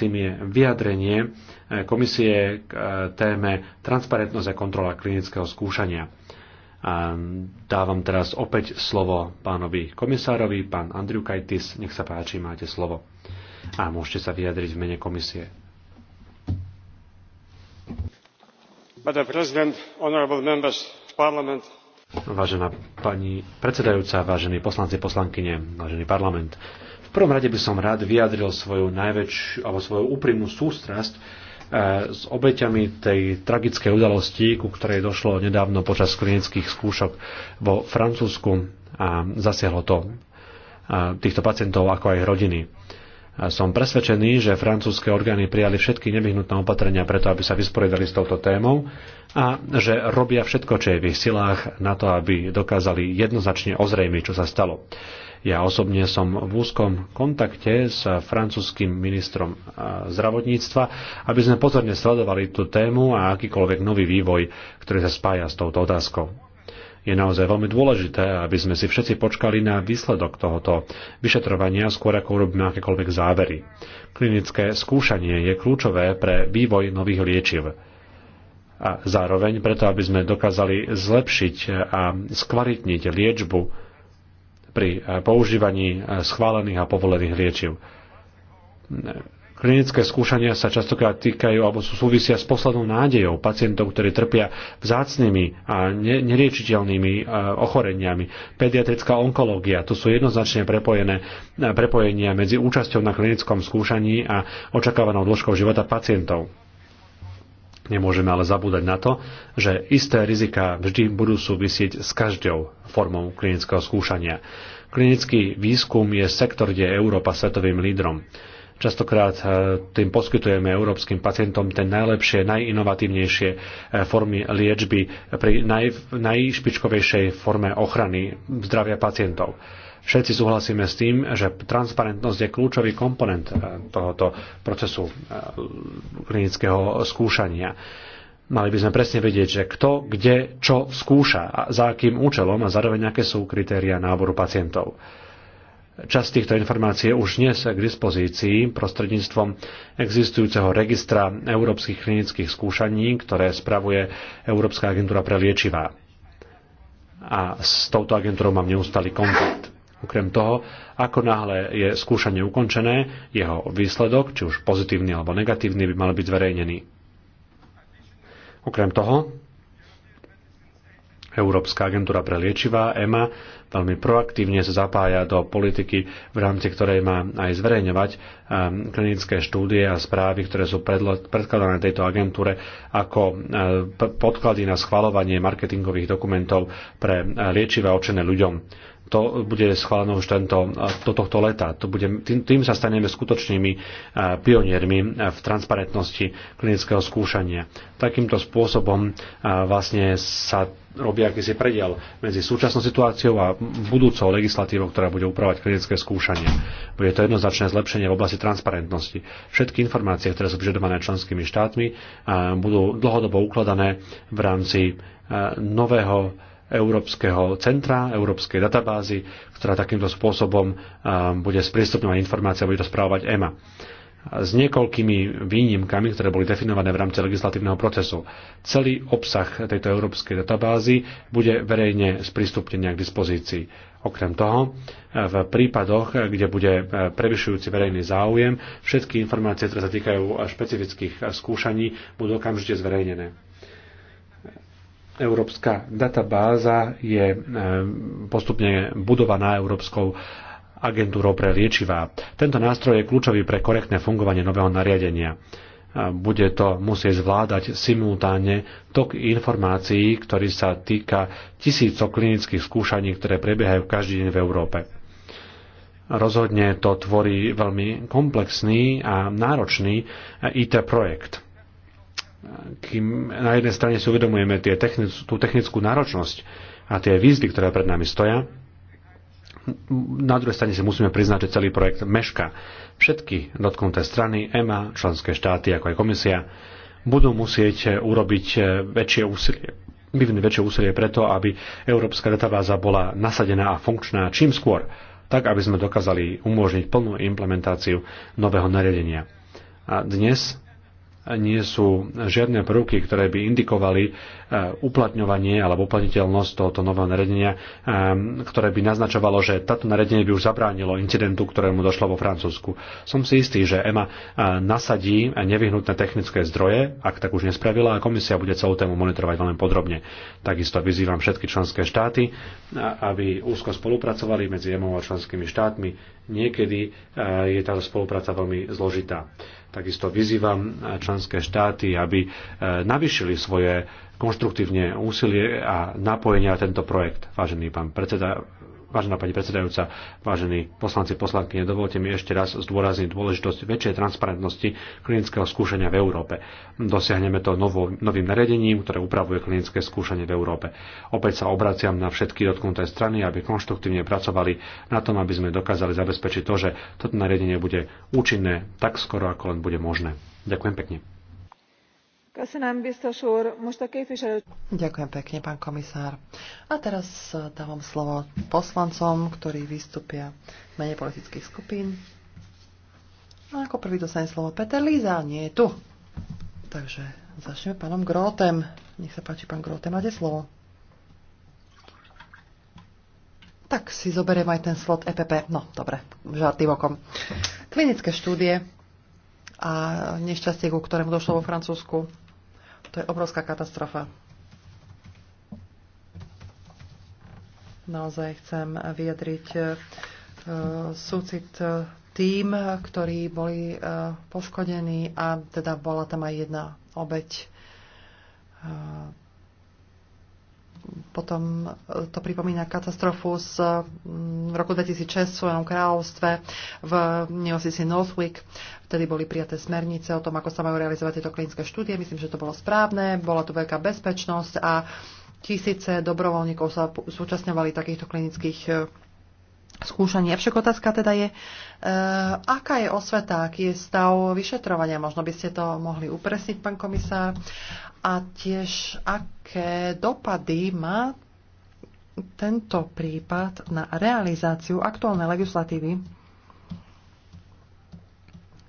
tým je vyjadrenie e, komisie k e, téme transparentnosť a kontrola klinického skúšania. A dávam teraz opäť slovo pánovi komisárovi, pán Andriu Kajtis, nech sa páči, máte slovo. A môžete sa vyjadriť v mene komisie. Vážená pani predsedajúca, vážení poslanci, poslankyne, vážený parlament, v prvom rade by som rád vyjadril svoju najväčšiu alebo svoju úprimnú sústrasť eh, s obeťami tej tragickej udalosti, ku ktorej došlo nedávno počas klinických skúšok vo Francúzsku a zasiahlo to eh, týchto pacientov ako aj rodiny. Eh, som presvedčený, že francúzske orgány prijali všetky nevyhnutné opatrenia preto, aby sa vysporiadali s touto témou a že robia všetko, čo je v ich silách na to, aby dokázali jednoznačne ozrejmiť, čo sa stalo. Ja osobne som v úzkom kontakte s francúzským ministrom zdravotníctva, aby sme pozorne sledovali tú tému a akýkoľvek nový vývoj, ktorý sa spája s touto otázkou. Je naozaj veľmi dôležité, aby sme si všetci počkali na výsledok tohoto vyšetrovania skôr ako urobíme akékoľvek závery. Klinické skúšanie je kľúčové pre vývoj nových liečiv a zároveň preto, aby sme dokázali zlepšiť a skvalitniť liečbu pri eh, používaní eh, schválených a povolených liečiv. Klinické skúšania sa častokrát týkajú alebo sú súvisia s poslednou nádejou pacientov, ktorí trpia vzácnými a neriečiteľnými eh, ochoreniami. Pediatrická onkológia, to sú jednoznačne prepojené, prepojenia medzi účasťou na klinickom skúšaní a očakávanou dĺžkou života pacientov Nemôžeme ale zabúdať na to, že isté rizika vždy budú súvisieť s každou formou klinického skúšania. Klinický výskum je sektor, kde je Európa svetovým lídrom. Častokrát e, tým poskytujeme európskym pacientom ten najlepšie, najinovatívnejšie e, formy liečby pri naj, najšpičkovejšej forme ochrany zdravia pacientov. Všetci súhlasíme s tým, že transparentnosť je kľúčový komponent eh, tohoto procesu eh, klinického skúšania. Mali by sme presne vedieť, že kto, kde, čo skúša, a za akým účelom a zároveň aké sú kritéria náboru pacientov. Časť týchto informácií je už dnes k dispozícii prostredníctvom existujúceho registra európskych klinických skúšaní, ktoré spravuje Európska agentúra pre liečivá. A s touto agentúrou mám neustály kontakt. Okrem toho, ako náhle je skúšanie ukončené, jeho výsledok, či už pozitívny alebo negatívny, by mal byť zverejnený. Okrem toho, Európska agentúra pre liečivá EMA veľmi proaktívne sa zapája do politiky, v rámci ktorej má aj zverejňovať ehm, klinické štúdie a správy, ktoré sú predkladané tejto agentúre ako ehm, podklady na schvalovanie marketingových dokumentov pre ehm, liečiva očené ľuďom to bude schválené už tento, do tohto leta. To bude, tým, tým sa staneme skutočnými pioniermi v transparentnosti klinického skúšania. Takýmto spôsobom vlastne sa robí akýsi prediel medzi súčasnou situáciou a budúcou legislatívou, ktorá bude upravovať klinické skúšanie. Bude to jednoznačné zlepšenie v oblasti transparentnosti. Všetky informácie, ktoré sú vyžadované členskými štátmi, budú dlhodobo ukladané v rámci nového Európskeho centra, Európskej databázy, ktorá takýmto spôsobom bude sprístupňovať informácie a bude to správovať EMA s niekoľkými výnimkami, ktoré boli definované v rámci legislatívneho procesu. Celý obsah tejto európskej databázy bude verejne sprístupnený k dispozícii. Okrem toho, v prípadoch, kde bude e, prevyšujúci verejný záujem, všetky informácie, ktoré sa týkajú e, špecifických e, skúšaní, budú okamžite zverejnené. Európska databáza je e, postupne budovaná Európskou agentúrou pre liečivá. Tento nástroj je kľúčový pre korektné fungovanie nového nariadenia. E, bude to musieť zvládať simultáne tok informácií, ktorý sa týka tisícok klinických skúšaní, ktoré prebiehajú každý deň v Európe. Rozhodne to tvorí veľmi komplexný a náročný IT e, projekt kým na jednej strane si uvedomujeme tie technic, tú technickú náročnosť a tie výzvy, ktoré pred nami stoja, na druhej strane si musíme priznať, že celý projekt meška. Všetky dotknuté strany, EMA, členské štáty, ako aj komisia, budú musieť urobiť väčšie úsilie vyvinúť väčšie úsilie preto, aby európska databáza bola nasadená a funkčná čím skôr, tak aby sme dokázali umožniť plnú implementáciu nového nariadenia. A dnes nie sú žiadne prvky, ktoré by indikovali e, uplatňovanie alebo uplatniteľnosť tohoto nového naredenia, e, ktoré by naznačovalo, že táto naredenie by už zabránilo incidentu, ktorému došlo vo Francúzsku. Som si istý, že EMA e, nasadí nevyhnutné technické zdroje, ak tak už nespravila, a komisia bude celú tému monitorovať veľmi podrobne. Takisto vyzývam všetky členské štáty, aby úzko spolupracovali medzi EMA a členskými štátmi niekedy e, je táto spolupráca veľmi zložitá. Takisto vyzývam členské štáty, aby e, navyšili svoje konštruktívne úsilie a napojenia na tento projekt. Vážený pán predseda, Vážená pani predsedajúca, vážení poslanci, poslanky, dovolte mi ešte raz zdôrazniť dôležitosť väčšej transparentnosti klinického skúšania v Európe. Dosiahneme to novo, novým nariadením, ktoré upravuje klinické skúšanie v Európe. Opäť sa obraciam na všetky dotknuté strany, aby konštruktívne pracovali na tom, aby sme dokázali zabezpečiť to, že toto nariadenie bude účinné tak skoro, ako len bude možné. Ďakujem pekne. Ďakujem pekne, pán komisár. A teraz dávam slovo poslancom, ktorí vystúpia v mene politických skupín. A ako prvý dostane slovo Peter Líza, nie je tu. Takže začneme pánom Grótem. Nech sa páči, pán Grótem, máte slovo. Tak si zoberiem aj ten slot EPP. No, dobre, žartým okom. Klinické štúdie a nešťastie, ku ktorému došlo vo Francúzsku. To je obrovská katastrofa. Naozaj chcem vyjadriť e, súcit e, tým, ktorí boli e, poškodení a teda bola tam aj jedna obeď potom e, to pripomína katastrofu z mm, roku 2006 v svojom kráľovstve v neosisi Northwick. Vtedy boli prijaté smernice o tom, ako sa majú realizovať tieto klinické štúdie. Myslím, že to bolo správne, bola tu veľká bezpečnosť a tisíce dobrovoľníkov sa súčasňovali takýchto klinických e, skúšanie. Však otázka teda je, e, aká je osveta, aký je stav vyšetrovania. Možno by ste to mohli upresniť, pán komisár. A tiež, aké dopady má tento prípad na realizáciu aktuálnej legislatívy,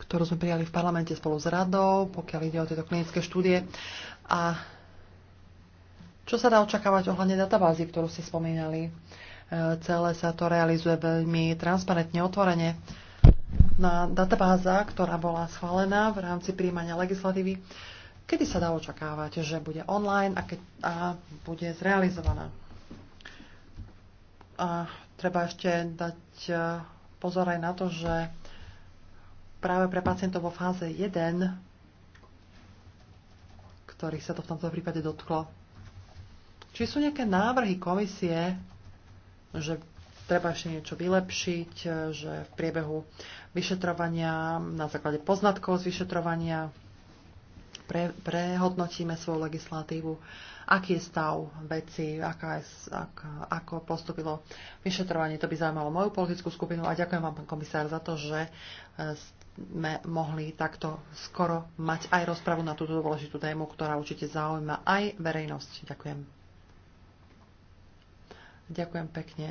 ktorú sme prijali v parlamente spolu s radou, pokiaľ ide o tieto klinické štúdie. A čo sa dá očakávať ohľadne databázy, ktorú ste spomínali? Celé sa to realizuje veľmi transparentne, otvorene. Na databáza, ktorá bola schválená v rámci príjmania legislatívy, kedy sa dá očakávať, že bude online a, keď, a bude zrealizovaná. A treba ešte dať e, pozor aj na to, že práve pre pacientov vo fáze 1, ktorých sa to v tomto prípade dotklo, či sú nejaké návrhy komisie, že treba ešte niečo vylepšiť, e, že v priebehu vyšetrovania, na základe poznatkov z vyšetrovania, pre, prehodnotíme svoju legislatívu, aký je stav veci, aká je, ak, ako postupilo vyšetrovanie. To by zaujímalo moju politickú skupinu a ďakujem vám, pán komisár, za to, že e, sme mohli takto skoro mať aj rozpravu na túto dôležitú tému, ktorá určite zaujíma aj verejnosť. Ďakujem. Ďakujem pekne.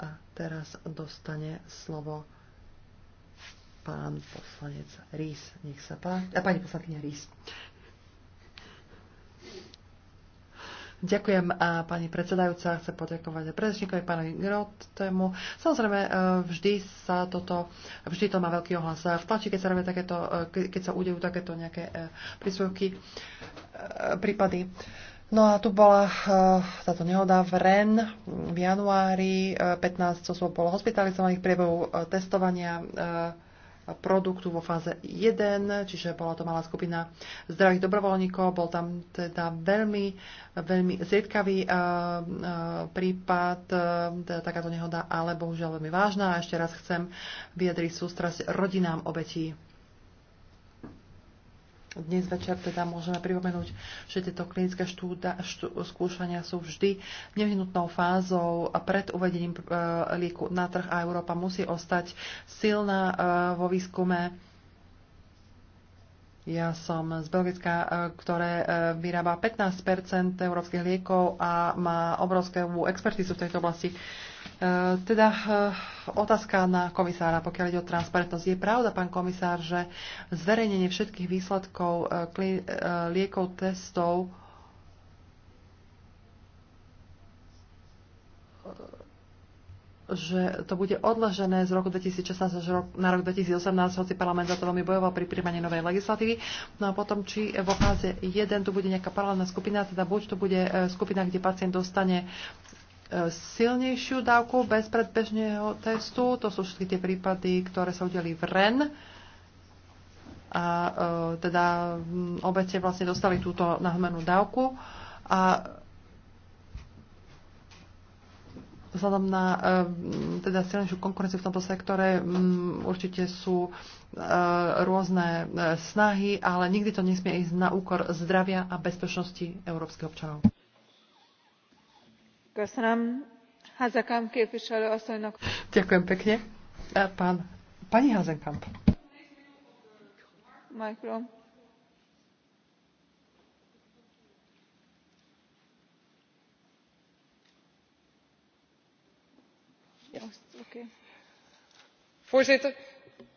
A teraz dostane slovo pán poslanec Rís. Nech sa páči. A pani poslankyňa Rís. Ďakujem a pani predsedajúca, chcem poďakovať predrečníkovi pánovi Grottemu. Samozrejme, e, vždy sa toto, vždy to má veľký ohlas v tlači, keď sa, robia takéto, e, keď sa udejú takéto nejaké e, príspevky, prípady. No a tu bola eh, táto nehoda v REN v januári. 15 eh, osôb bolo hospitalizovaných priebehu eh, testovania produktu vo fáze 1, čiže bola to malá skupina zdravých dobrovoľníkov, bol tam teda veľmi, veľmi zriedkavý uh, uh, prípad, uh, takáto nehoda, ale bohužiaľ veľmi vážna. A ešte raz chcem vyjadriť sústrasť rodinám obetí dnes večer teda môžeme pripomenúť, že tieto klinické štúda, štú, skúšania sú vždy nevyhnutnou fázou a pred uvedením e, lieku na trh a Európa musí ostať silná e, vo výskume. Ja som z Belgická, e, ktoré e, vyrába 15 európskych liekov a má obrovskú expertizu v tejto oblasti. Eh, teda eh, otázka na komisára, pokiaľ ide o transparentnosť. Je pravda, pán komisár, že zverejnenie všetkých výsledkov eh, liekov testov že to bude odložené z roku 2016 až na rok 2018, hoci parlament za to veľmi bojoval pri príjmaní novej legislatívy. No a potom, či vo fáze 1 tu bude nejaká paralelná skupina, teda buď to bude skupina, kde pacient dostane silnejšiu dávku bez predbežného testu. To sú všetky tie prípady, ktoré sa udeli v REN. A e, teda mm, obete vlastne dostali túto nahmenú dávku. A vzhľadom na e, mm, teda silnejšiu konkurenciu v tomto sektore mm, určite sú e, rôzne snahy, ale nikdy to nesmie ísť na úkor zdravia a bezpečnosti európskych občanov. Ďakujem pekne. Pán, pani Hazenkamp. Micro.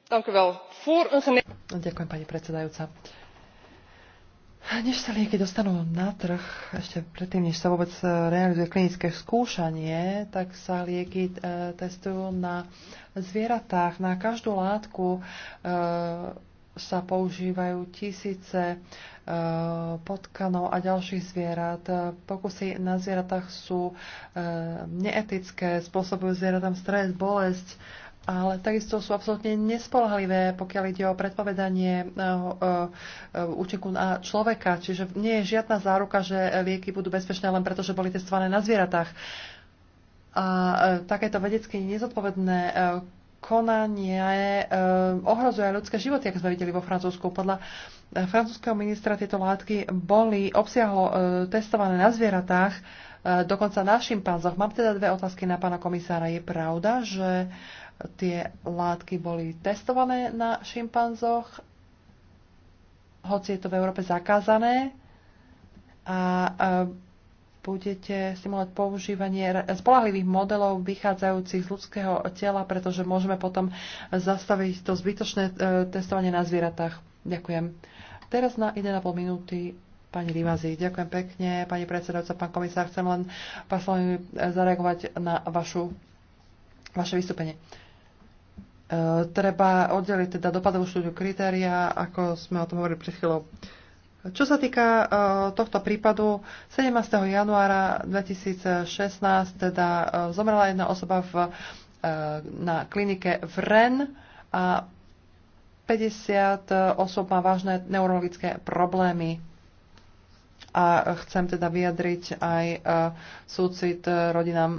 voorzitter voor een gemene. Než sa lieky dostanú na trh, ešte predtým, než sa vôbec eh, realizuje klinické skúšanie, tak sa lieky e, testujú na zvieratách. Na každú látku e, sa používajú tisíce e, potkanov a ďalších zvierat. Pokusy na zvieratách sú e, neetické, spôsobujú zvieratám stres, bolesť ale takisto sú absolútne nespolahlivé, pokiaľ ide o predpovedanie eh, eh, účinku na človeka. Čiže nie je žiadna záruka, že lieky budú bezpečné len preto, že boli testované na zvieratách. A eh, takéto vedecky nezodpovedné konanie ohrozuje ľudské životy, ako sme videli vo Francúzsku. Podľa francúzského ministra tieto látky boli obsiahlo testované na zvieratách, dokonca na šimpanzoch. Mám teda dve otázky na pána komisára. Je pravda, že Tie látky boli testované na šimpanzoch, hoci je to v Európe zakázané. A budete simulovať používanie spolahlivých modelov vychádzajúcich z ľudského tela, pretože môžeme potom zastaviť to zbytočné e, testovanie na zvieratách. Ďakujem. Teraz na 1,5 minúty pani Rivazi. Ďakujem pekne, pani predsedajúca, pán komisár. Chcem len páslami zareagovať na vašu, vaše vystúpenie. Uh, E, treba oddeliť teda dopadovú štúdiu kritéria, ako sme o tom hovorili pred chvíľou. Čo sa týka e, tohto prípadu, 17. januára 2016 teda e, zomrela jedna osoba v, na klinike v REN a 50 osob má vážne neurologické problémy. A chcem teda vyjadriť aj súcit rodinám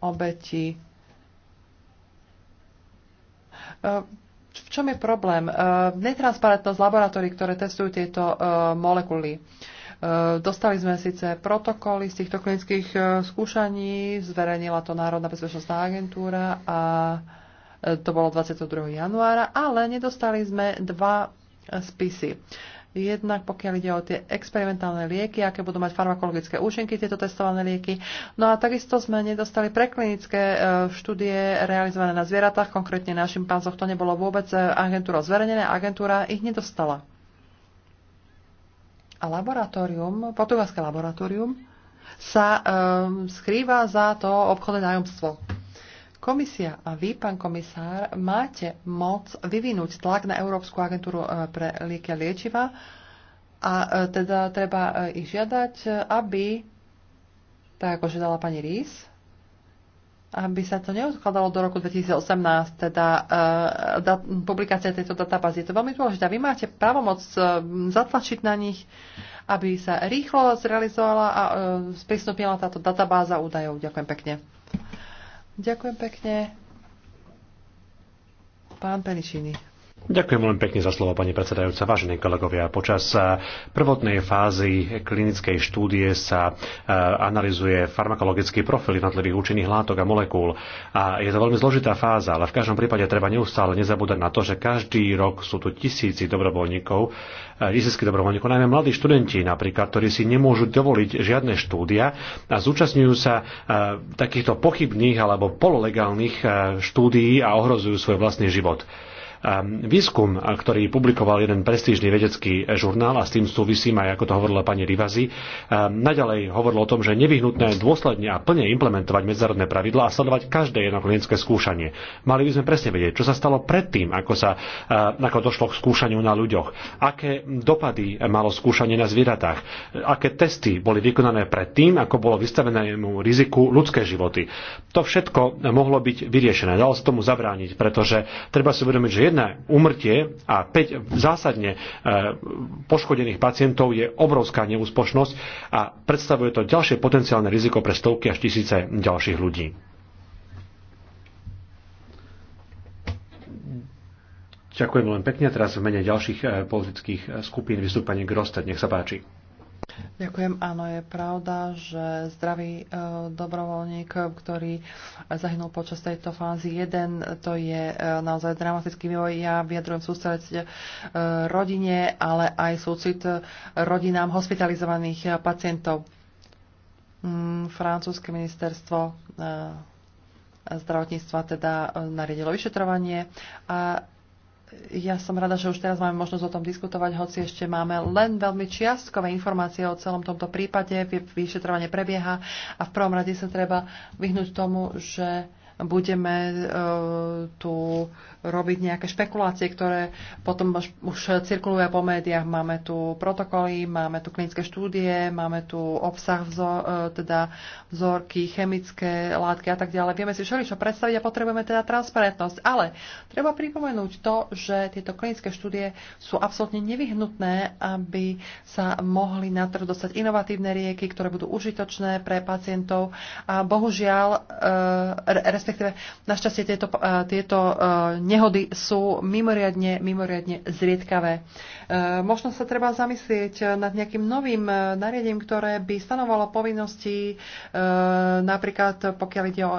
obetí Eh, v čom je problém? Eh, netransparentnosť laboratórií, ktoré testujú tieto eh, molekuly. Dostali sme síce protokoly z týchto klinických skúšaní, zverejnila to Národná bezpečnostná agentúra a to bolo 22. januára, ale nedostali sme dva spisy. Jednak pokiaľ ide o tie experimentálne lieky, aké budú mať farmakologické účinky tieto testované lieky. No a takisto sme nedostali preklinické e, štúdie realizované na zvieratách, konkrétne na šimpanzoch to nebolo vôbec e, agentúra zverejnené, agentúra ich nedostala. A laboratórium, portugalské laboratórium, sa um, skrýva za to obchodné nájomstvo. Komisia a vy, pán komisár, máte moc vyvinúť tlak na Európsku agentúru e, pre lieky a liečiva a e, teda treba e, ich žiadať, aby, tak ako žiadala pani Rís, aby sa to neodkladalo do roku 2018, teda uh, publikácia tejto databázy. Je to veľmi dôležité. Vy máte právomoc uh, zatlačiť na nich, aby sa rýchlo zrealizovala a uh, sprístupnila táto databáza údajov. Ďakujem pekne. Ďakujem pekne. Pán Penišiny. Ďakujem veľmi pekne za slovo, pani predsedajúca. Vážení kolegovia, počas eh, prvotnej fázy klinickej štúdie sa eh, analizuje farmakologický profil jednotlivých účinných látok a molekúl. A je to veľmi zložitá fáza, ale v každom prípade treba neustále nezabúdať na to, že každý rok sú tu tisíci dobrovoľníkov, eh, tisícky dobrovoľníkov, najmä mladí študenti napríklad, ktorí si nemôžu dovoliť žiadne štúdia a zúčastňujú sa takýchto pochybných alebo pololegálnych štúdií a ohrozujú svoj vlastný život. Výskum, ktorý publikoval jeden prestížny vedecký žurnál a s tým súvisím aj, ako to hovorila pani Rivazi, naďalej hovorilo o tom, že je nevyhnutné dôsledne a plne implementovať medzinárodné pravidla a sledovať každé jedno klinické skúšanie. Mali by sme presne vedieť, čo sa stalo predtým, ako, sa, ako došlo k skúšaniu na ľuďoch, aké dopady malo skúšanie na zvieratách, aké testy boli vykonané predtým, ako bolo vystavenému riziku ľudské životy. To všetko mohlo byť vyriešené, dalo sa tomu zabrániť, pretože treba si uvedomiť, že jedno umrtie a 5 zásadne e, poškodených pacientov je obrovská neúspošnosť a predstavuje to ďalšie potenciálne riziko pre stovky až tisíce ďalších ľudí. Ďakujem len pekne. Teraz v mene ďalších e, politických e, skupín vystúpanie Grosted. Nech sa páči. Ďakujem. Áno, je pravda, že zdravý e, dobrovoľník, ktorý zahynul počas tejto fázy 1, to je e, naozaj dramatický vývoj. Ja vyjadrujem sústrediť e, rodine, ale aj súcit e, rodinám hospitalizovaných e, pacientov. Mm, francúzske ministerstvo e, zdravotníctva teda e, nariadilo vyšetrovanie a ja som rada, že už teraz máme možnosť o tom diskutovať, hoci ešte máme len veľmi čiastkové informácie o celom tomto prípade. Vyšetrovanie prebieha a v prvom rade sa treba vyhnúť tomu, že budeme e, tu robiť nejaké špekulácie, ktoré potom už cirkulujú po médiách. Máme tu protokoly, máme tu klinické štúdie, máme tu obsah vzor, e, teda vzorky, chemické látky a tak ďalej. Vieme si všeličo predstaviť a potrebujeme teda transparentnosť. Ale treba pripomenúť to, že tieto klinické štúdie sú absolútne nevyhnutné, aby sa mohli na trh dostať inovatívne rieky, ktoré budú užitočné pre pacientov. A bohužiaľ, e, respektíve našťastie tieto, eh, tieto eh, nehody sú mimoriadne, mimoriadne zriedkavé. Eh, možno sa treba zamyslieť nad nejakým novým nariadením, ktoré by stanovalo povinnosti napríklad pokiaľ ide o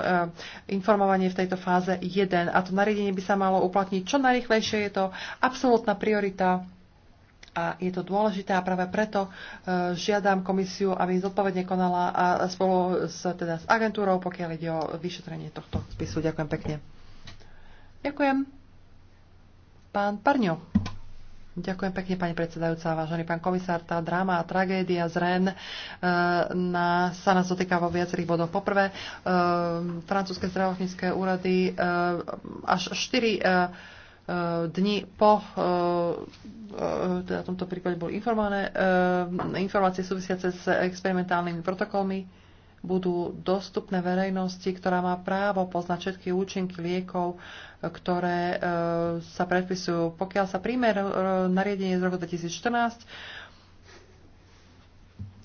informovanie v tejto fáze 1 a to nariadenie by sa malo uplatniť čo najrychlejšie, je to absolútna priorita a je to dôležité a práve preto e, žiadam komisiu, aby zodpovedne konala a spolu s, teda s agentúrou, pokiaľ ide o vyšetrenie tohto spisu. Ďakujem pekne. Ďakujem. Pán Parňo. Ďakujem pekne, pani predsedajúca, vážený pán komisár. Tá dráma a tragédia z REN e, na, sa nás dotýka vo viacerých bodoch. Poprvé, e, francúzske zdravotnícke úrady e, až štyri e, Eh, dni po eh, eh, teda v tomto prípade boli informované. Informácie súvisiace s experimentálnymi protokolmi budú dostupné verejnosti, ktorá má právo poznať všetky účinky liekov, ktoré sa predpisujú. Pokiaľ sa príjme nariadenie z roku 2014,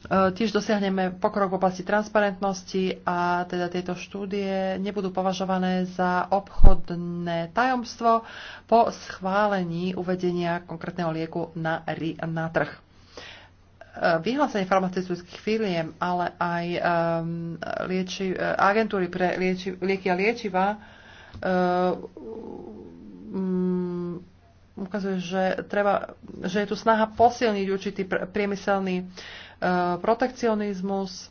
E, tiež dosiahneme pokrok v oblasti transparentnosti a teda tieto štúdie nebudú považované za obchodné tajomstvo po schválení uvedenia konkrétneho lieku na, na trh. E, vyhlásenie farmaceutických firiem, ale aj um, lieči, e, agentúry pre lieči, lieky a liečiva um, ukazuje, že, treba, že je tu snaha posilniť určitý priemyselný uh, Eh, protekcionizmus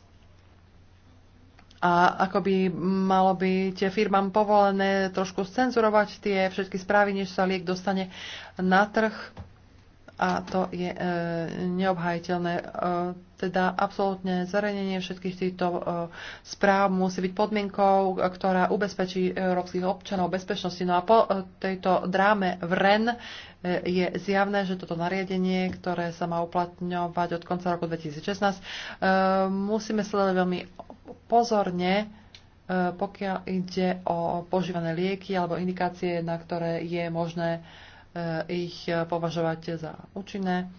a ako by malo byť firmám povolené trošku scenzurovať tie všetky správy, než sa liek dostane na trh a to je e, neobhajiteľné. E, teda absolútne zverejnenie všetkých týchto e, správ musí byť podmienkou, ktorá ubezpečí európskych občanov bezpečnosti. No a po e, tejto dráme v REN e, je zjavné, že toto nariadenie, ktoré sa má uplatňovať od konca roku 2016, e, musíme sledovať veľmi pozorne, e, pokiaľ ide o požívané lieky alebo indikácie, na ktoré je možné Eh, ich eh, považovať za účinné.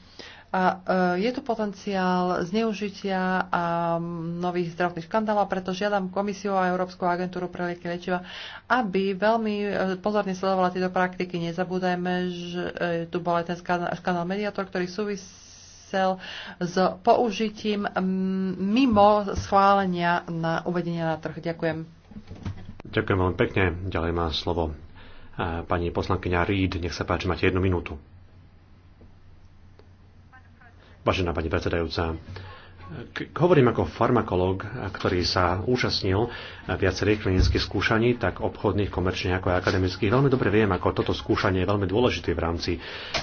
A eh, je tu potenciál zneužitia a mm, nových zdravotných škandálov, preto žiadam komisiu a Európsku agentúru pre lieky liečiva, aby veľmi pozorne sledovala tieto praktiky. Nezabúdajme, že tu bol aj ten škandál Mediator, ktorý súvisel s použitím mm, mimo schválenia na uvedenie na trh. Ďakujem. Ďakujem veľmi pekne. Ďalej má slovo Pani poslankyňa Reid, nech sa páči, máte jednu minútu. Vážená pani predsedajúca, hovorím ako farmakológ, ktorý sa účastnil viacerých klinických skúšaní, tak obchodných, komerčných ako aj akademických. Veľmi dobre viem, ako toto skúšanie je veľmi dôležité v rámci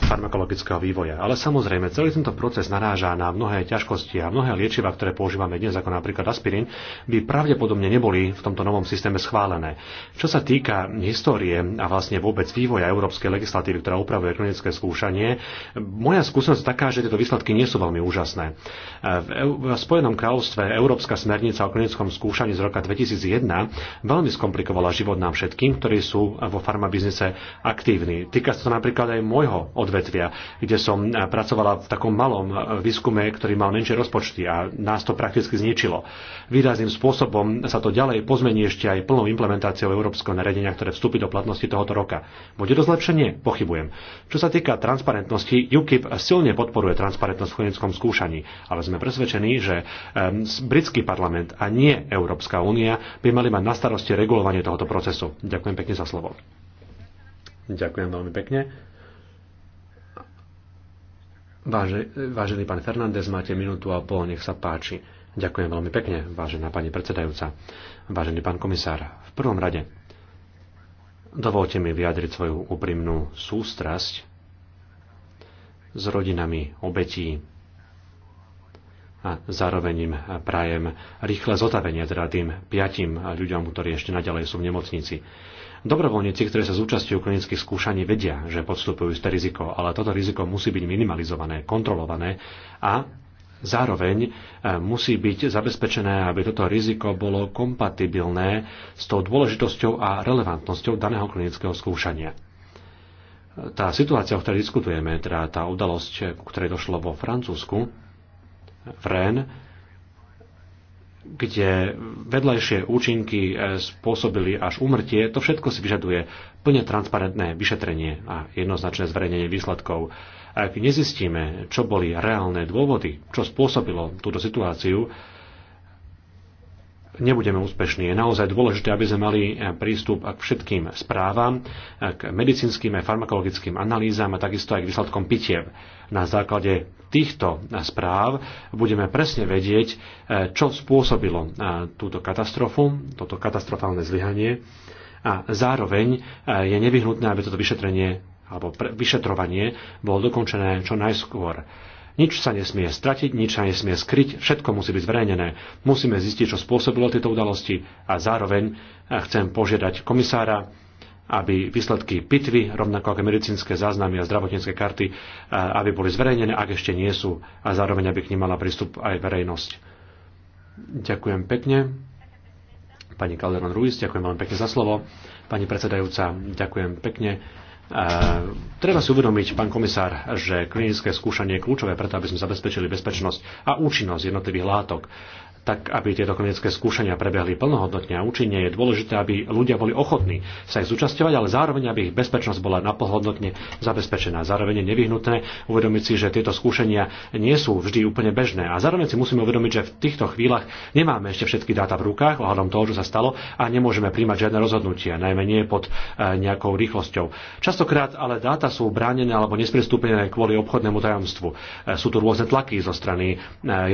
farmakologického vývoja. Ale samozrejme, celý tento proces naráža na mnohé ťažkosti a mnohé liečiva, ktoré používame dnes, ako napríklad aspirín, by pravdepodobne neboli v tomto novom systéme schválené. Čo sa týka histórie a vlastne vôbec vývoja európskej legislatívy, ktorá upravuje klinické skúšanie, moja skúsenosť je taká, že tieto výsledky nie sú veľmi úžasné. V v Spojenom kráľovstve Európska smernica o klinickom skúšaní z roka 2001 veľmi skomplikovala život nám všetkým, ktorí sú vo farmabiznise aktívni. Týka sa to napríklad aj môjho odvetvia, kde som pracovala v takom malom výskume, ktorý mal menšie rozpočty a nás to prakticky zničilo. Výrazným spôsobom sa to ďalej pozmení ešte aj plnou implementáciou európskeho nariadenia, ktoré vstúpi do platnosti tohoto roka. Bude to zlepšenie? Pochybujem. Čo sa týka transparentnosti, UKIP silne podporuje transparentnosť v klinickom skúšaní, ale sme presvedčení, presvedčení, že britský parlament a nie Európska únia by mali mať na starosti regulovanie tohoto procesu. Ďakujem pekne za slovo. Ďakujem veľmi pekne. Vážený pán Fernández, máte minútu a pol, nech sa páči. Ďakujem veľmi pekne, vážená pani predsedajúca. Vážený pán komisár, v prvom rade dovolte mi vyjadriť svoju úprimnú sústrasť s rodinami obetí a zároveň im prajem rýchle zotavenie teda tým piatim ľuďom, ktorí ešte naďalej sú v nemocnici. Dobrovoľníci, ktorí sa zúčastňujú klinických skúšaní, vedia, že podstupujú isté riziko, ale toto riziko musí byť minimalizované, kontrolované a zároveň e, musí byť zabezpečené, aby toto riziko bolo kompatibilné s tou dôležitosťou a relevantnosťou daného klinického skúšania. Tá situácia, o ktorej diskutujeme, teda tá udalosť, ktorej došlo vo Francúzsku, v REN, kde vedľajšie účinky eh, spôsobili až umrtie, to všetko si vyžaduje plne transparentné vyšetrenie a jednoznačné zverejnenie výsledkov. Ak nezistíme, čo boli reálne dôvody, čo spôsobilo túto situáciu, nebudeme úspešní. Je naozaj dôležité, aby sme mali eh, prístup k všetkým správam, eh, k medicínskym a eh, farmakologickým analýzám a takisto aj k výsledkom pitiev. Na základe týchto správ budeme presne vedieť, čo spôsobilo túto katastrofu, toto katastrofálne zlyhanie a zároveň je nevyhnutné, aby toto vyšetrenie alebo vyšetrovanie bolo dokončené čo najskôr. Nič sa nesmie stratiť, nič sa nesmie skryť, všetko musí byť zverejnené. Musíme zistiť, čo spôsobilo tieto udalosti a zároveň eh, chcem požiadať komisára, aby výsledky pitvy, rovnako ako medicínske záznamy a zdravotnícke karty, eh, aby boli zverejnené, ak ešte nie sú, a zároveň, aby k nim mala prístup aj verejnosť. Ďakujem pekne. Pani Calderon Ruiz, ďakujem veľmi pekne za slovo. Pani predsedajúca, ďakujem pekne Eh, treba si uvedomiť, pán komisár, že klinické skúšanie je kľúčové preto, aby sme zabezpečili bezpečnosť a účinnosť jednotlivých látok tak aby tieto klinické skúšania prebehli plnohodnotne a účinne, je dôležité, aby ľudia boli ochotní sa ich zúčastňovať, ale zároveň, aby ich bezpečnosť bola naplnohodnotne zabezpečená. Zároveň je nevyhnutné uvedomiť si, že tieto skúšania nie sú vždy úplne bežné. A zároveň si musíme uvedomiť, že v týchto chvíľach nemáme ešte všetky dáta v rukách ohľadom toho, čo sa stalo a nemôžeme príjmať žiadne rozhodnutia, najmä nie pod e, nejakou rýchlosťou. Častokrát ale dáta sú bránené alebo nesprístupnené kvôli obchodnému tajomstvu. E, sú tu rôzne tlaky zo strany e,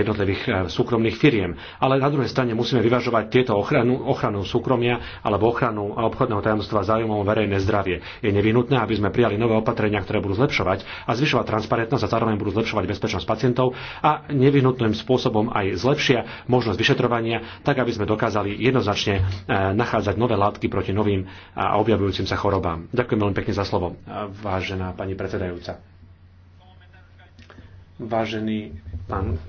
jednotlivých súkromných firiem ale na druhej strane musíme vyvažovať tieto ochranu, ochranu súkromia alebo ochranu obchodného tajomstva zájmom verejné zdravie. Je nevyhnutné, aby sme prijali nové opatrenia, ktoré budú zlepšovať a zvyšovať transparentnosť a zároveň budú zlepšovať bezpečnosť pacientov a nevyhnutným spôsobom aj zlepšia možnosť vyšetrovania, tak aby sme dokázali jednoznačne e, nachádzať nové látky proti novým a objavujúcim sa chorobám. Ďakujem veľmi pekne za slovo, e, vážená pani predsedajúca. Vážený pán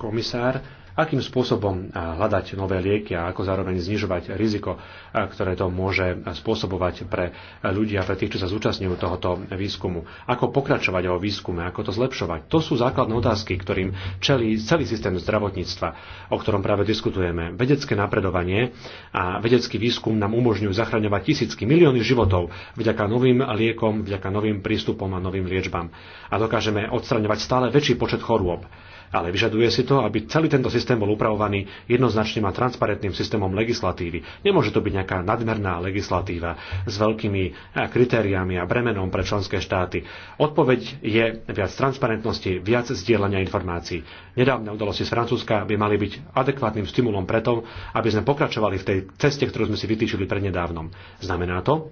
komisár, akým spôsobom hľadať nové lieky a ako zároveň znižovať riziko ktoré to môže spôsobovať pre ľudí a pre tých, čo sa zúčastňujú tohoto výskumu. Ako pokračovať o výskume, ako to zlepšovať. To sú základné otázky, ktorým čelí celý systém zdravotníctva, o ktorom práve diskutujeme. Vedecké napredovanie a vedecký výskum nám umožňujú zachraňovať tisícky, milióny životov vďaka novým liekom, vďaka novým prístupom a novým liečbám. A dokážeme odstraňovať stále väčší počet chorôb ale vyžaduje si to, aby celý tento systém bol upravovaný jednoznačným a transparentným systémom legislatívy. Nemôže to byť nejaká nadmerná legislatíva s veľkými eh, kritériami a bremenom pre členské štáty. Odpoveď je viac transparentnosti, viac zdieľania informácií. Nedávne udalosti z Francúzska by mali byť adekvátnym stimulom preto, aby sme pokračovali v tej ceste, ktorú sme si vytýčili prednedávnom. Znamená to,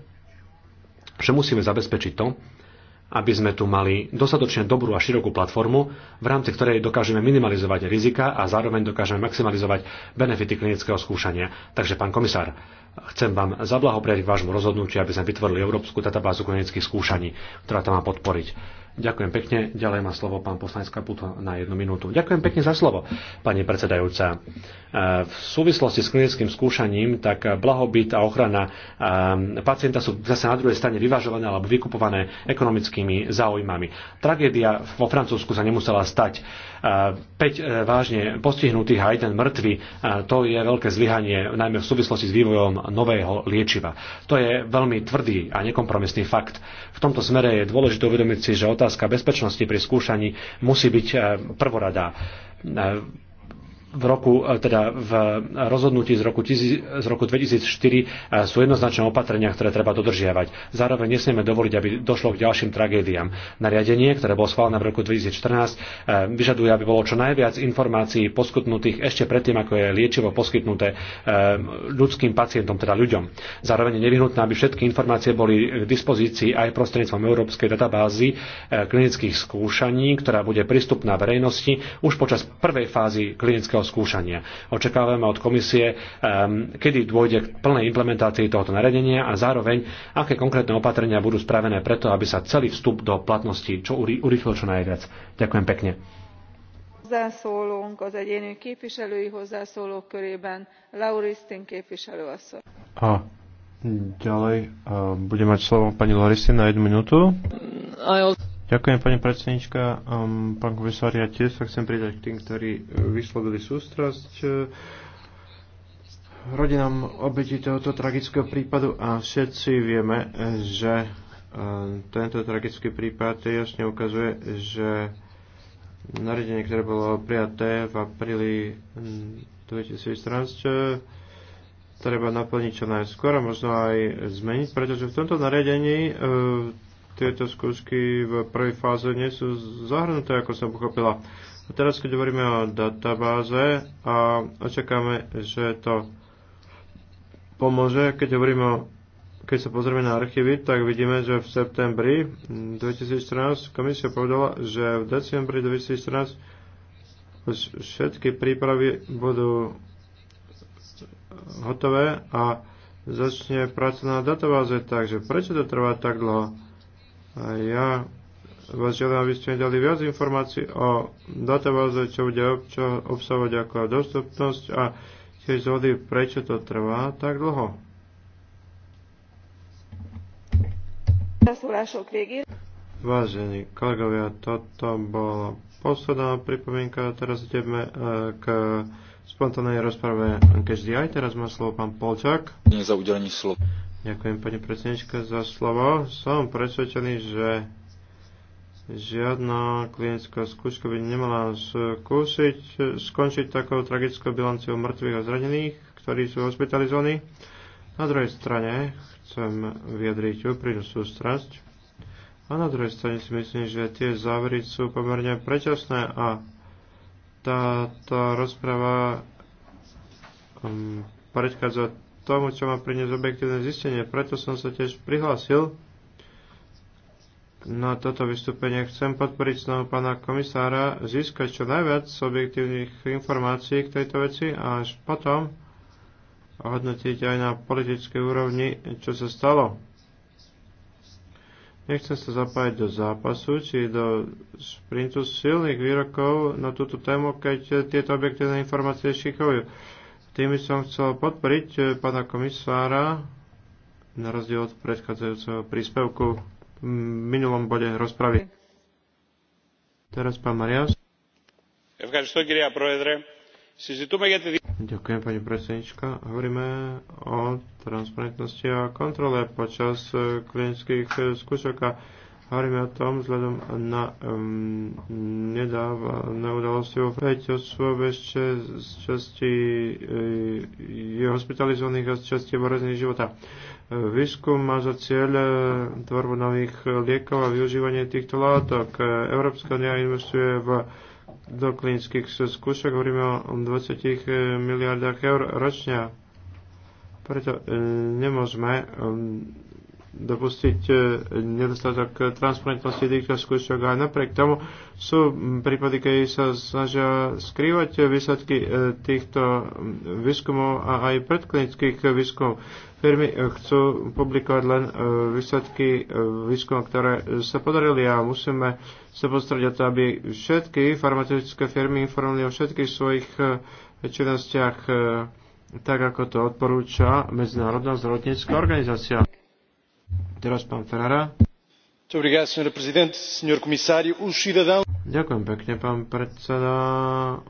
že musíme zabezpečiť to, aby sme tu mali dostatočne dobrú a širokú platformu, v rámci ktorej dokážeme minimalizovať rizika a zároveň dokážeme maximalizovať benefity klinického skúšania. Takže, pán komisár, chcem vám zablahopriať k vášmu rozhodnutiu, aby sme vytvorili Európsku databázu klinických skúšaní, ktorá to má podporiť. Ďakujem pekne. Ďalej má slovo pán poslanec Kaputo na jednu minútu. Ďakujem pekne za slovo, pani predsedajúca. E, v súvislosti s klinickým skúšaním, tak blahobyt a ochrana e, pacienta sú zase na druhej strane vyvažované alebo vykupované ekonomickými záujmami. Tragédia vo Francúzsku sa nemusela stať. 5 e, vážne postihnutých a jeden mŕtvy, to je veľké zlyhanie, najmä v súvislosti s vývojom nového liečiva. To je veľmi tvrdý a nekompromisný fakt. V tomto smere je dôležité uvedomiť si, že otázka otázka bezpečnosti pri skúšaní musí byť eh, prvoradá eh, v roku, e, teda v rozhodnutí z roku, z roku 2004 e, sú jednoznačné opatrenia, ktoré treba dodržiavať. Zároveň nesmieme dovoliť, aby došlo k ďalším tragédiám. Nariadenie, ktoré bolo schválené v roku 2014, e, vyžaduje, aby bolo čo najviac informácií poskytnutých ešte predtým, ako je liečivo poskytnuté ľudským pacientom, teda ľuďom. Zároveň je nevyhnutné, aby všetky informácie boli k dispozícii aj prostredníctvom Európskej databázy klinických skúšaní, ktorá bude prístupná verejnosti už počas prvej fázy klinického praktického skúšania. Očakávame od komisie, um, kedy dôjde k plnej implementácii tohoto naredenia a zároveň, aké konkrétne opatrenia budú spravené preto, aby sa celý vstup do platnosti čo urýchlil čo najviac. Ďakujem pekne hozzászólónk az egyéni képviselői hozzászólók körében lauristin képviselő asszony. A ďalej uh, bude mať slovo pani Lauristin na jednu minútu. Ďakujem, pani predsednička. Um, pán komisár, ja tiež sa chcem pridať k tým, ktorí uh, vyslovili sústrasť uh, rodinám obeti tohoto tragického prípadu a všetci vieme, že uh, tento tragický prípad jasne ukazuje, že nariadenie, ktoré bolo prijaté v apríli 2014, mm, treba naplniť čo najskôr a možno aj zmeniť, pretože v tomto nariadení tieto skúšky v prvej fáze nie sú zahrnuté, ako som pochopila. A teraz, keď hovoríme o databáze a očakáme, že to pomôže, keď hovoríme o keď sa pozrieme na archívy, tak vidíme, že v septembri 2014 komisia povedala, že v decembri 2014 všetky prípravy budú hotové a začne práca na databáze. Takže prečo to trvá tak dlho? A Ja vás želám, aby ste dali viac informácií o databáze, čo bude obsahovať ako dostupnosť a tiež zhody, prečo to trvá tak dlho. Vážení kolegovia, toto bola posledná pripomienka. Teraz ideme e, k spontánnej rozprave Každý aj. Teraz má slovo pán Polčák. Nie za udelenie slova. Ďakujem pani predsednička za slovo. Som presvedčený, že žiadna klinická skúška by nemala skúsiť, skončiť takou tragickou bilanciou mŕtvych a zranených, ktorí sú hospitalizovaní. Na druhej strane chcem vyjadriť úprimnú sústrasť. A na druhej strane si myslím, že tie závery sú pomerne prečasné a táto rozprava um, predchádza tomu, čo má priniesť objektívne zistenie. Preto som sa tiež prihlásil na toto vystúpenie. Chcem podporiť snahu pána komisára získať čo najviac objektívnych informácií k tejto veci a až potom hodnotiť aj na politickej úrovni, čo sa stalo. Nechcem sa zapájať do zápasu či do sprintu silných výrokov na túto tému, keď tieto objektívne informácie šikujú. Tým by som chcel podporiť e, pána komisára na rozdiel od predchádzajúceho príspevku v minulom bode rozpravy. Teraz pán Marias. Ďakujem, pani predsednička. Hovoríme o transparentnosti a kontrole počas e, klinických e, skúšok a Hovoríme o tom vzhľadom na um, nedávne udalosti o 5 osôb ešte z časti eh, je hospitalizovaných a z časti borezných života. Výskum má za cieľ eh, tvorbu nových liekov a využívanie týchto látok. Európska unia investuje v do klinických skúšok, hovoríme o 20 eh, miliardách eur ročne. Preto nemôžeme dopustiť e, nedostatok transparentnosti týchto skúšok a napriek tomu sú prípady, keď sa snažia skrývať výsledky e, týchto výskumov a aj predklinických výskumov. Firmy e, chcú publikovať len výsledky výskumov, ktoré sa podarili a musíme sa postrať o to, aby všetky farmaceutické firmy informovali o všetkých svojich činnostiach tak, ako to odporúča Medzinárodná zdravotnícká organizácia. Teraz pán Ferrara. Ďakujem pekne, pán predseda.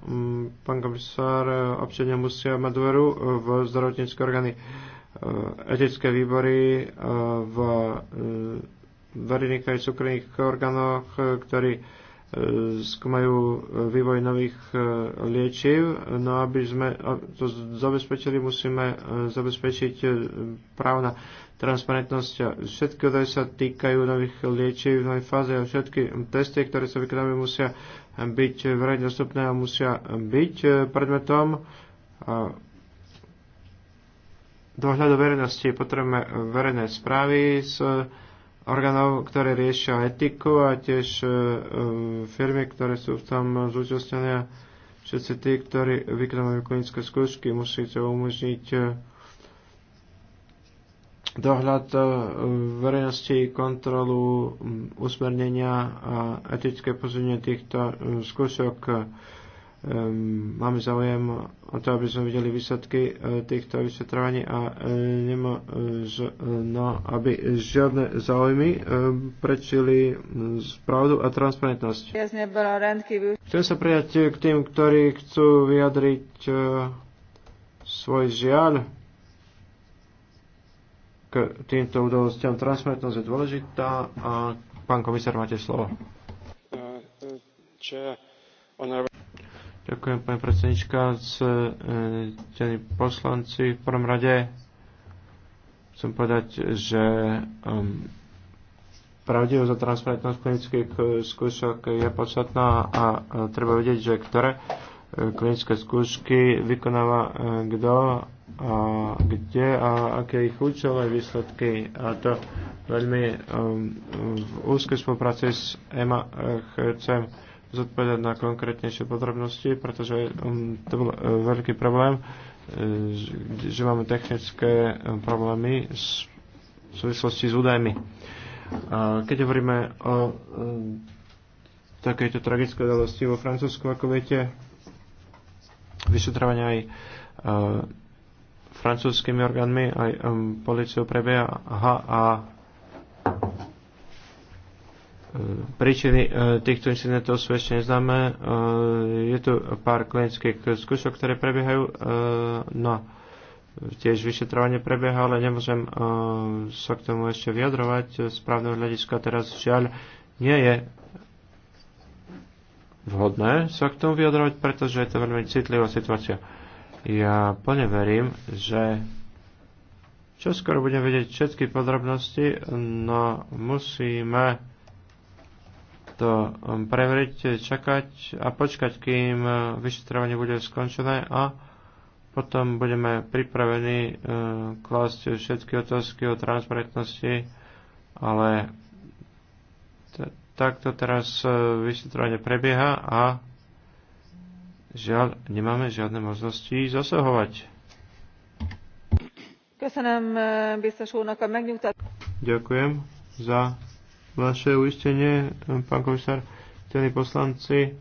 Mm, pán komisár, občania musia mať dôveru v zdravotnícke orgány, eh, etické výbory eh, v eh, verejných aj súkromných orgánoch, ktorí skúmajú e, vývoj nových e, liečiv. No aby sme to zabezpečili, musíme e, zabezpečiť právo na transparentnosť. Všetky údaje sa týkajú nových liečiv v novej fáze a všetky testy, ktoré sa vykonávajú, musia byť verejne dostupné a musia byť predmetom dohľadu verejnosti. Potrebujeme verejné správy s orgánov, ktoré riešia etiku a tiež e, e, firmy, ktoré sú v tom zúčastnené. Všetci tí, ktorí vykonávajú klinické skúšky, musíte umožniť e, dohľad verejnosti, kontrolu, usmernenia a etické pozornie týchto skúšok Ehm, máme záujem o to, aby sme videli výsledky eh, týchto vyšetrovaní a eh, nemá, eh, no, aby žiadne záujmy prečili mm, pravdu a transparentnosť. Chcem sa prijať k tým, ktorí chcú vyjadriť svoj žiaľ k týmto udalostiam. Transparentnosť je dôležitá a pán komisár, máte slovo. Čia, Ďakujem, pani predsednička. E, ctení poslanci, v prvom rade chcem povedať, že um, pravdivosť a transparentnosť klinických e, skúšok je podstatná a e, treba vedieť, že ktoré klinické skúšky vykonáva kto a kde a aké ich účelové výsledky. A to veľmi um, v úzkej spolupráci s EMA chcem zodpovedať na konkrétnejšie podrobnosti, pretože um, to bol e, veľký problém, e, že máme technické e, problémy v súvislosti s údajmi. A keď hovoríme o takejto tragickej udalosti vo Francúzsku, ako viete, vyšetrovanie aj francúzskými orgánmi, aj policiou prebieha a Príčiny e, týchto incidentov sú ešte neznáme. E, je tu pár klinických skúšok, ktoré prebiehajú. E, no, tiež vyšetrovanie prebieha, ale nemôžem sa k tomu ešte vyjadrovať. Z hľadiska teraz žiaľ nie je vhodné sa k tomu vyjadrovať, pretože je to veľmi citlivá situácia. Ja plne verím, že čo skoro budem vedieť všetky podrobnosti, no musíme to um, preveriť, čakať a počkať, kým uh, vyšetrovanie bude skončené a potom budeme pripravení uh, klásť všetky otázky o transparentnosti, ale takto teraz uh, vyšetrovanie prebieha a žiaľ, nemáme žiadne možnosti zasahovať. Ďakujem za vaše uistenie, pán komisár, cení poslanci,